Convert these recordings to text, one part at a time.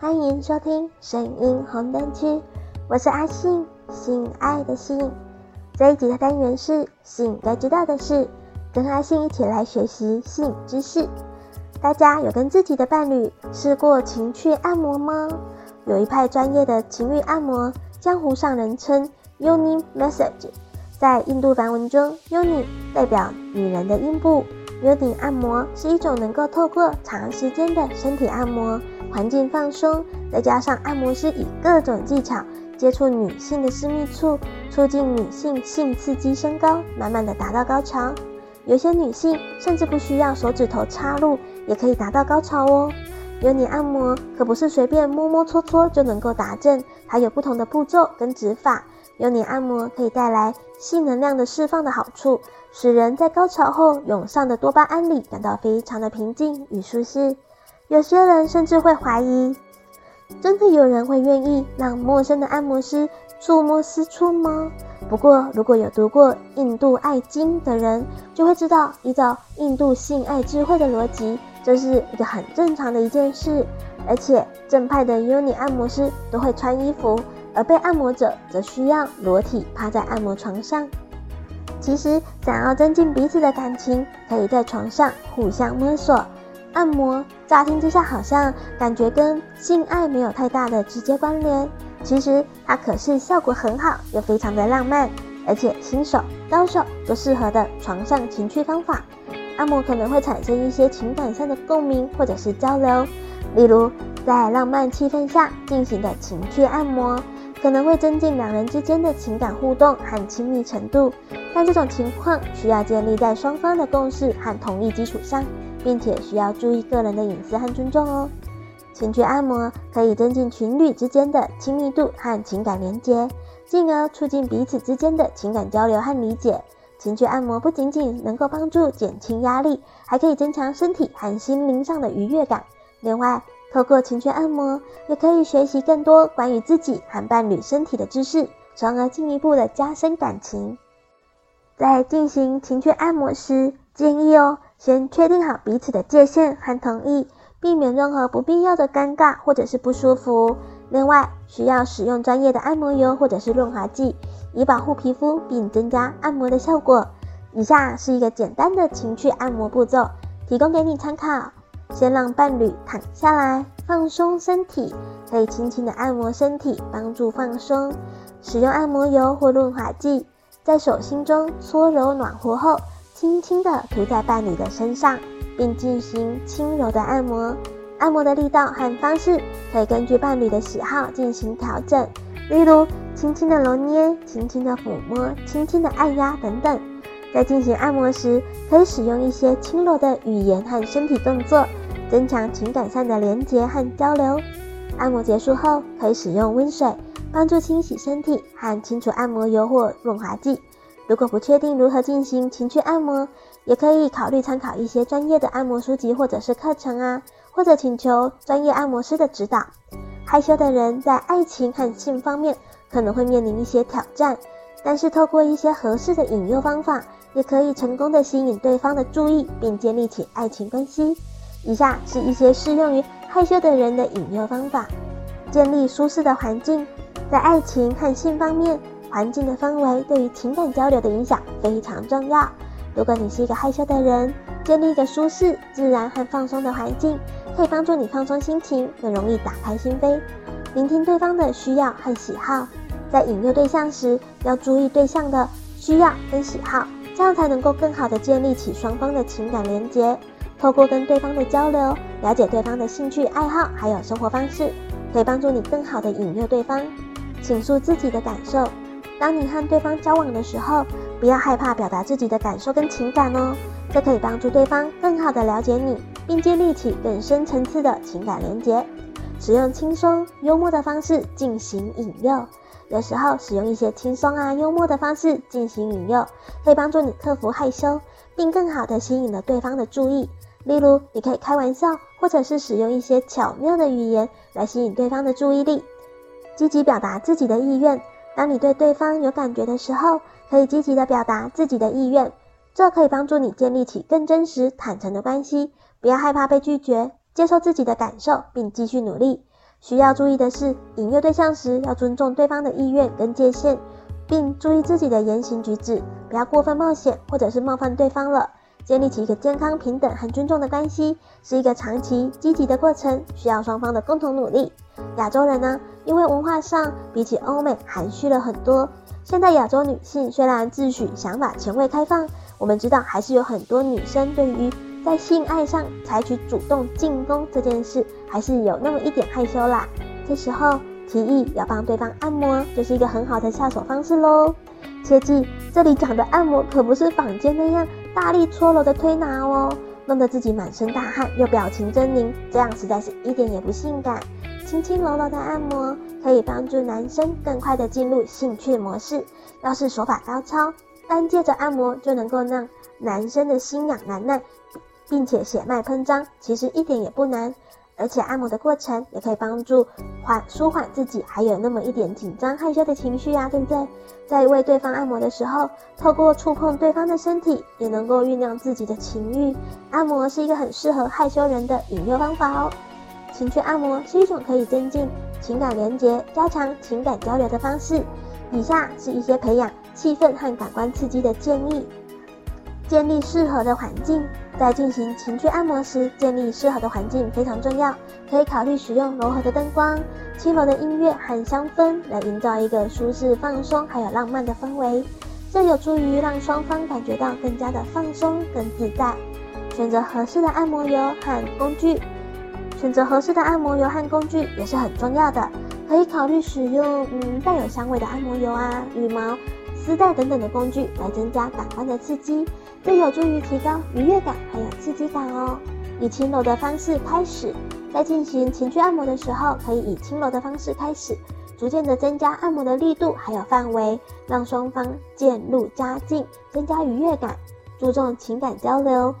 歡迎收聽聲音紅燈區，我是阿信，性愛的信。這一集的單元是性該知道的事，跟阿信一起來學習性知識。大家有跟自己的伴侶試過情趣按摩嗎？有一派專業的情欲按摩，江湖上人稱 U ni m e s s a g e。在印度梵文中，U ni 代表女人的陰部，U ni 按摩是一種能夠透過長時間的身體按摩。環境放鬆，再加上按摩師以各種技巧接觸女性的私密處，促進女性性刺激升高，慢慢的達到高潮。有些女性甚至不需要手指頭插入，也可以達到高潮哦。Yoni 按摩可不是隨便摸摸搓搓就能夠達陣，還有不同的步驟跟指法。Yoni 按摩可以帶來性能量的釋放的好處，使人在高潮後湧上的多巴胺裡感到非常的平靜與舒適。有些人甚至會懷疑，真的有人會願意讓陌生的按摩師觸摸私處嗎？不過，如果有讀過印度愛經的人，就會知道，依照印度性愛智慧的邏輯，這、就是一個很正常的一件事。而且，正派的 Yoni 按摩師都會穿衣服，而被按摩者則需要裸體趴在按摩床上。其實，想要增進彼此的感情，可以在床上互相摸索。按摩乍聽之下好像感覺跟性愛沒有太大的直接關聯，其實它可是效果很好又非常的浪漫，而且新手高手都適合的床上情趣方法。按摩可能會產生一些情感上的共鳴或者是交流，例如在浪漫氣氛下進行的情趣按摩，可能會增進兩人之間的情感互動和親密程度，但這種情況需要建立在雙方的共識和同意基礎上。並且需要注意個人的隱私和尊重哦。情趣按摩可以增進情侶之間的親密度和情感連接，進而促進彼此之間的情感交流和理解。情趣按摩不僅僅能夠幫助減輕壓力，還可以增強身體和心靈上的愉悅感。另外，透過情趣按摩也可以學習更多關於自己和伴侶身體的知識，從而進一步的加深感情。在進行情趣按摩時，建議哦。先確定好彼此的界限和同意，避免任何不必要的尷尬或者是不舒服。另外，需要使用專業的按摩油或者是潤滑劑，以保護皮膚並增加按摩的效果。以下是一個簡單的情趣按摩步驟，提供給你參考：先讓伴侶躺下來，放鬆身體，可以輕輕地按摩身體，幫助放鬆。使用按摩油或潤滑劑，在手心中搓揉暖和後。輕輕地塗在伴侶的身上，並進行輕柔的按摩。按摩的力道和方式可以根據伴侶的喜好進行調整，例如輕輕的揉捏、輕輕的撫摸、輕輕的按壓等等。在進行按摩時，可以使用一些輕柔的語言和身體動作，增強情感上的連接和交流。按摩結束後，可以使用溫水幫助清洗身體和清除按摩油或潤滑劑。如果不確定如何進行情趣按摩，也可以考慮參考一些專業的按摩書籍或者是課程啊，或者請求專業按摩師的指導。害羞的人在愛情和性方面可能會面臨一些挑戰，但是透過一些合適的引誘方法，也可以成功的吸引對方的注意並建立起愛情關係。以下是一些適用於害羞的人的引誘方法。建立舒適的環境，在愛情和性方面。環境的氛圍對於情感交流的影響非常重要。如果你是一個害羞的人，建立一個舒適、自然和放鬆的環境，可以幫助你放鬆心情，更容易打開心扉，聆聽對方的需要和喜好。在引誘對象時，要注意對象的需要跟喜好，這樣才能夠更好的建立起雙方的情感連接。透過跟對方的交流，了解對方的興趣、愛好還有生活方式，可以幫助你更好的引誘對方，傾訴自己的感受。當你和對方交往的時候，不要害怕表達自己的感受跟情感哦，這可以幫助對方更好的了解你，並建立起更深層次的情感連接。使用輕鬆幽默的方式進行引誘，有時候使用一些輕鬆啊、幽默的方式進行引誘，可以幫助你克服害羞，並更好地吸引了對方的注意。例如，你可以開玩笑，或者是使用一些巧妙的語言來吸引對方的注意力。積極表達自己的意願。當你對對方有感覺的時候，可以積極地表達自己的意願，這可以幫助你建立起更真實、坦誠的關係。不要害怕被拒絕，接受自己的感受，並繼續努力。需要注意的是，引誘對象時要尊重對方的意願跟界限，並注意自己的言行舉止，不要過分冒險或者是冒犯對方了。建立起一個健康、平等和尊重的關係，是一個長期積極的過程，需要雙方的共同努力。亞洲人呢、啊，因為文化上比起歐美含蓄了很多。現在亞洲女性雖然自詡想法前衛開放，我們知道還是有很多女生對於在性愛上採取主動進攻這件事，還是有那麼一點害羞啦。這時候提議要幫對方按摩，就是一個很好的下手方式嘍。切記，這裡講的按摩可不是坊間那樣。大力搓揉的推拿哦，弄得自己滿身大汗，又表情猙獰，這樣實在是一點也不性感。輕輕柔柔的按摩可以幫助男生更快的進入興趣模式。要是手法高超，單借着按摩就能夠讓男生的心癢難耐，並且血脈噴張。其實一點也不難。而且按摩的過程也可以幫助緩舒緩自己，還有那麼一點緊張害羞的情緒啊，對不對？在為對方按摩的時候，透過觸碰對方的身體，也能夠醞釀自己的情欲。按摩是一個很適合害羞人的引誘方法哦。情趣按摩是一種可以增進情感聯結、加強情感交流的方式。以下是一些培養氣氛和感官刺激的建議：建立適合的環境。在進行情趣按摩時，建立適合的環境非常重要。可以考慮使用柔和的燈光、輕柔的音樂和香氛來營造一個舒適、放鬆還有浪漫的氛圍。這有助於讓雙方感覺到更加的放鬆跟自在。選擇合適的按摩油和工具，選擇合適的按摩油和工具也是很重要的。可以考慮使用嗯帶有香味的按摩油啊、羽毛、絲帶等等的工具來增加感官的刺激。這有助於提高愉悅感，還有刺激感哦。以輕柔的方式開始，在進行情趣按摩的時候，可以以輕柔的方式開始，逐漸的增加按摩的力度，還有範圍，讓雙方漸入佳境，增加愉悅感。注重情感交流，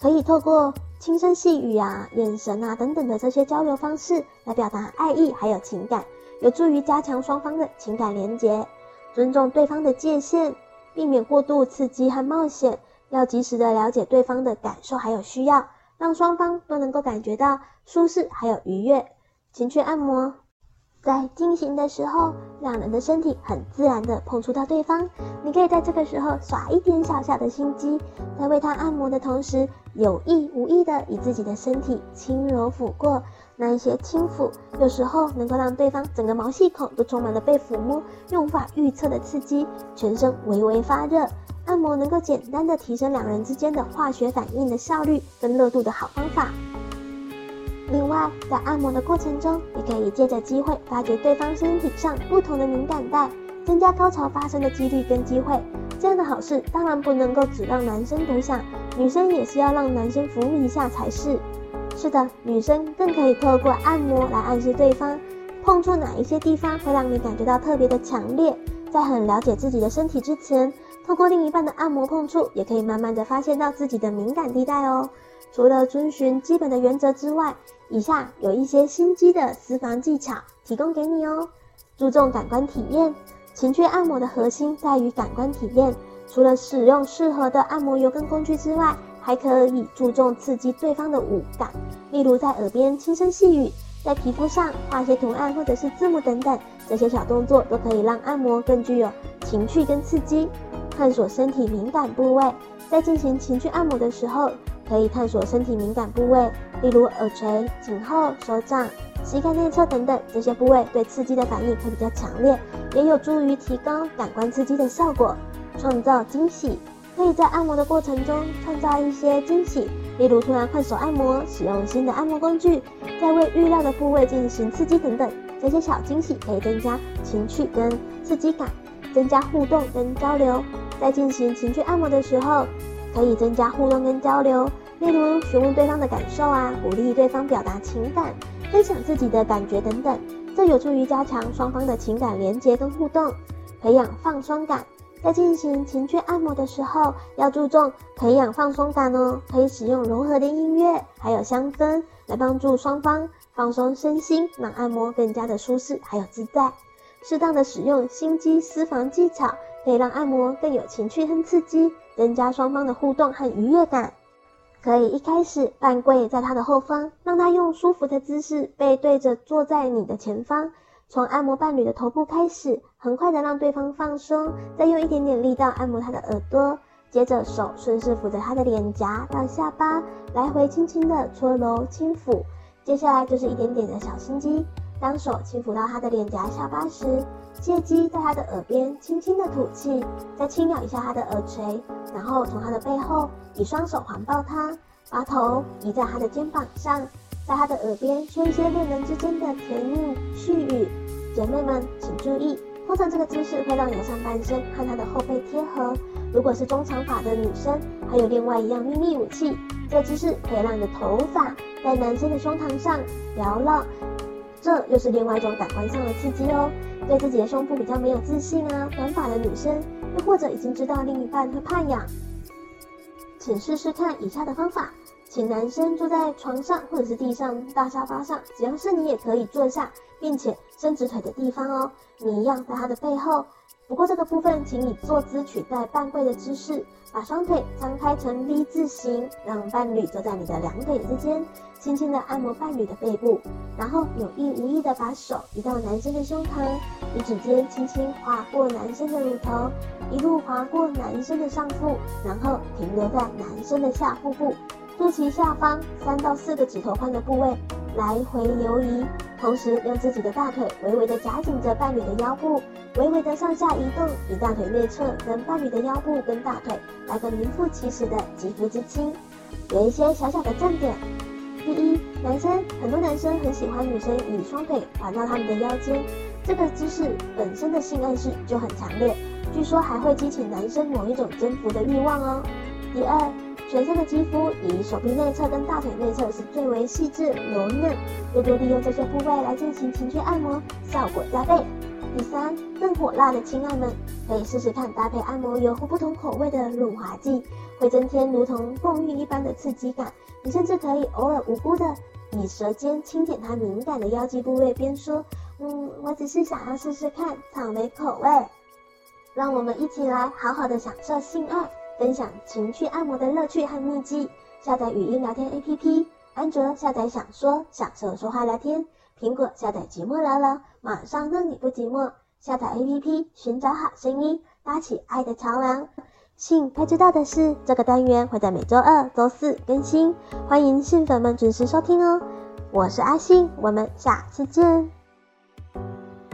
可以透過輕聲細語啊、眼神啊等等的這些交流方式來表達愛意，還有情感，有助於加強雙方的情感連結。尊重對方的界限。避免過度刺激和冒險，要及時的了解對方的感受還有需要，讓雙方都能夠感覺到舒適還有愉悅。情趣按摩在進行的時候，兩人的身體很自然的碰觸到對方，你可以在這個時候耍一點小小的心機，在為他按摩的同時，有意無意的以自己的身體輕柔撫過。那一些輕撫，有時候能夠讓對方整個毛細孔都充滿了被撫摸、又無法預測的刺激，全身微微發熱。按摩能夠簡單的提升兩人之間的化學反應的效率跟熱度的好方法。另外，在按摩的過程中，也可以借着機會發掘對方身體上不同的敏感帶，增加高潮發生的幾率跟機會。這樣的好事當然不能夠只讓男生獨享，女生也是要讓男生服務一下才是。是的，女生更可以透過按摩來暗示對方，碰觸哪一些地方會讓你感覺到特別的強烈。在很了解自己的身體之前，透過另一半的按摩碰觸，也可以慢慢地發現到自己的敏感地帶哦。除了遵循基本的原則之外，以下有一些心機的私房技巧提供給你哦。注重感官體驗，情趣按摩的核心在於感官體驗。除了使用適合的按摩油跟工具之外，還可以注重刺激對方的五感，例如在耳邊輕聲細語，在皮膚上畫些圖案或者是字母等等，這些小動作都可以讓按摩更具有情趣跟刺激。探索身體敏感部位，在進行情趣按摩的時候，可以探索身體敏感部位，例如耳垂、頸後、手掌、膝蓋內側等等，這些部位對刺激的反應會比較強烈，也有助於提高感官刺激的效果，創造驚喜。可以在按摩的過程中創造一些驚喜，例如突然換手按摩、使用新的按摩工具、在未預料的部位進行刺激等等。這些小驚喜可以增加情趣跟刺激感，增加互動跟交流。在進行情趣按摩的時候，可以增加互動跟交流，例如詢問對方的感受啊，鼓勵對方表達情感，分享自己的感覺等等。這有助於加強雙方的情感連結跟互動，培養放鬆感。在進行情趣按摩的時候，要注重培養放鬆感哦。可以使用柔和的音樂，還有香氛，來幫助雙方放鬆身心，讓按摩更加的舒適還有自在。適當的使用心機私房技巧，可以讓按摩更有情趣和刺激，增加雙方的互動和愉悅感。可以一開始半跪在他的後方，讓他用舒服的姿勢背對着坐在你的前方。.從按摩伴侶的頭部開始，很快的讓對方放鬆，再用一點點力道按摩他的耳朵，接着手順勢扶著他的臉頰、到下巴，來回輕輕的搓揉、輕撫。接下來就是一點點的小心機，當手輕撫到他的臉頰、下巴時，借機在他的耳邊輕輕的吐氣，再輕咬一下他的耳垂，然後從他的背後以雙手環抱他，把頭移在他的肩膀上。在他的耳邊說一些戀人之間的甜蜜絮語，姐妹們請注意，通常這個姿勢會讓你的上半身和他的後背貼合。如果是中長髮的女生，還有另外一樣秘密武器，這姿勢可以讓你的頭髮在男生的胸膛上繚繞，這又是另外一種感官上的刺激哦。對自己的胸部比較沒有自信啊，短髮的女生，又或者已經知道另一半會怕癢，請試試看以下的方法。請男生坐在床上或者是地上大沙發上，只要是你也可以坐下，並且伸直腿的地方哦，你一樣在他的背後。不過這個部分，請你坐姿取代半跪的姿勢，把雙腿張開成 V 字形，讓伴侶坐在你的兩腿之間，輕輕的按摩伴侶的背部，然後有意無意的把手移到男生的胸膛，你指尖輕輕劃過男生的乳頭，一路劃過男生的上腹，然後停留在男生的下腹部。肚臍下方三到四個指頭寬的部位來回游移，同時用自己的大腿微微的夾緊着伴侶的腰部，微微的上下移動，以大腿內側跟伴侶的腰部跟大腿來個名副其實的肌膚之親。有一些小小的重點：第一，男生，很多男生很喜歡女生以雙腿環繞他們的腰間，這個姿勢本身的性暗示就很強烈，據說還會激起男生某一種征服的欲望哦。第二。全身的肌膚，以手臂內側跟大腿內側是最為細緻柔嫩，多多利用這些部位來進行情趣按摩，效果加倍。第三，更火辣的親愛們，可以試試看搭配按摩油和不同口味的潤滑劑，會增添如同共浴一般的刺激感。你甚至可以偶爾無辜的以舌尖輕舔它敏感的腰肌部位，邊說：“嗯，我只是想要試試看草莓口味。”讓我們一起來好好的享受性愛。分享情趣按摩的樂趣和祕技。下載語音聊天 APP，安卓下載“享說”，享受說話聊天；蘋果下載“寂寞聊聊”，馬上讓你不寂寞。下載 APP，尋找好聲音，搭起愛的橋樑。性該知道的事，這個單元會在每周二、周四更新，歡迎性粉們準時收聽哦。我是阿信，我們下次見。